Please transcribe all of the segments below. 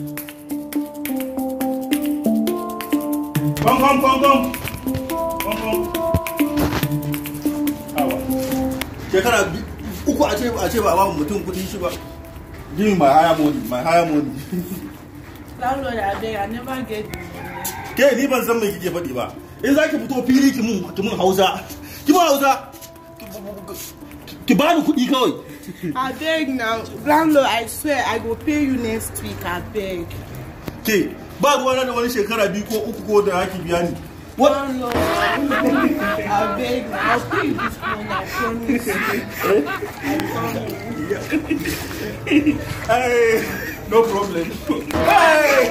Kom, kom, kom, kom. Kom, kom. Awa. Shekara uku a ce ba a ce ba mutum kudin shi ba. Give me my higher money, my higher money. Landlord, I beg, I never get Ke ni ban san me kike faɗi ba. In za ki fito fili ki mun ki mun Hausa. Ki mun Hausa. Ki ba ni kuɗi kawai. abeg now, landlord i swear i go pay you next week abeg ke ba ruwana da wani shekara biyu ko uku ko da haki biya ni What? Oh, no. I beg, I'll pay this one, I promise. Eh? I promise. Hey, no problem. Hey!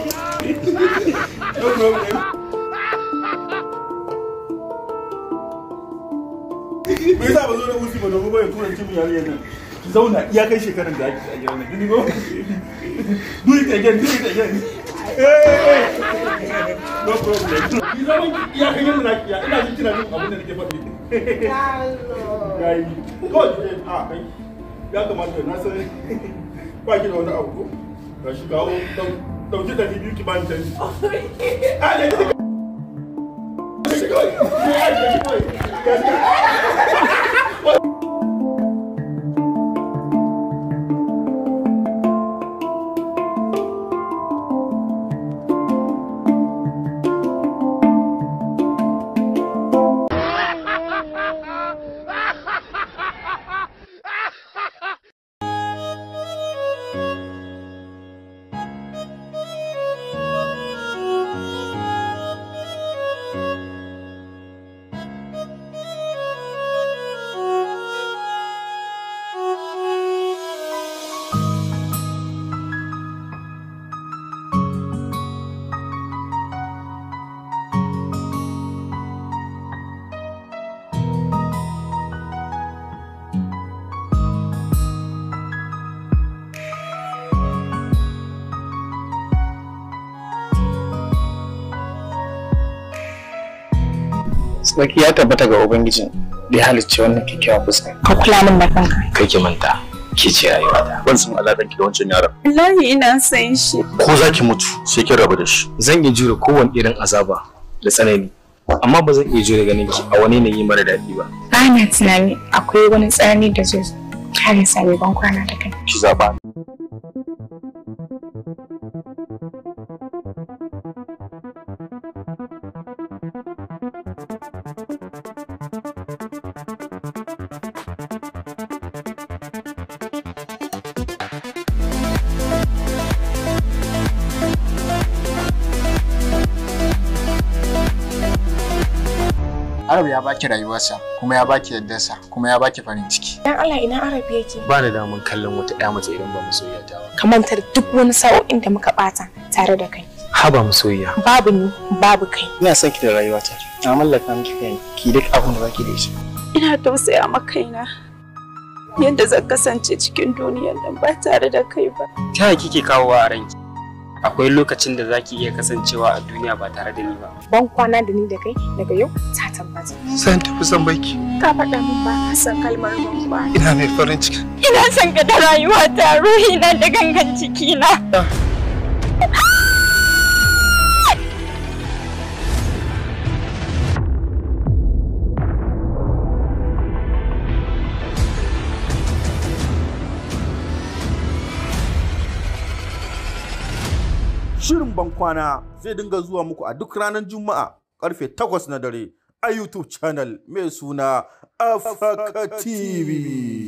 no problem. su ba dogo ba ya tura ki zauna iya kai shekaran da ake a gidan nan gini ko do it again do it again no problem ki zama iya kai ina jin kina abin da nake faɗi yayi ko a ah, kai ya kamata na san ba ki da wani abu ko ga shi kawo dauki ki ba ni a ne ka What? tsaki ya tabbata ga ubangijin da ya halicce wannan kyakkyawan fuska ka kula min da kanka kai ki manta ke ce rayuwa ta ban san alaƙar ki da wancan yaron wallahi ina san shi ko za ki mutu sai ki rabu da shi zan iya jure kowane irin azaba da tsanani amma ba zan iya jure ganin ki a wani yanayi mara daɗi ba ba na tunani akwai wani tsanani da zai kare sami ban kwana da kai ki zaɓa Arab ya baki rayuwarsa kuma ya baki yaddarsa kuma ya baki farin ciki. Dan Allah ina Arab yake. Ba ni damun kallon wata ɗaya mace irin ba masoyiya ta ba. Ka mantar duk wani sa'o'in da muka ɓata tare da kai. Haba masoyiya. Babu ni babu kai. Ina son ki da rayuwata. Na mallaka miki kai ki duk abin da baki da shi. Ina tausaya maka kaina. Yadda zan kasance cikin duniyar nan ba tare da kai ba. Ta kike kawowa a ranki? akwai lokacin da zaki iya kasancewa a duniya ba tare da ni ba. Ban kwana da ni da kai daga yau ta tabbata. San tafi san baki. Ka faɗa min ba ka san kalmar ban ba. Ina mai farin ciki. Ina son ga da rayuwa ta ruhi na da gangan ciki na. Ah. Shirin bankwana zai dinga zuwa muku a duk ranar Juma'a karfe 8 na dare a YouTube channel mai suna Afaka TV.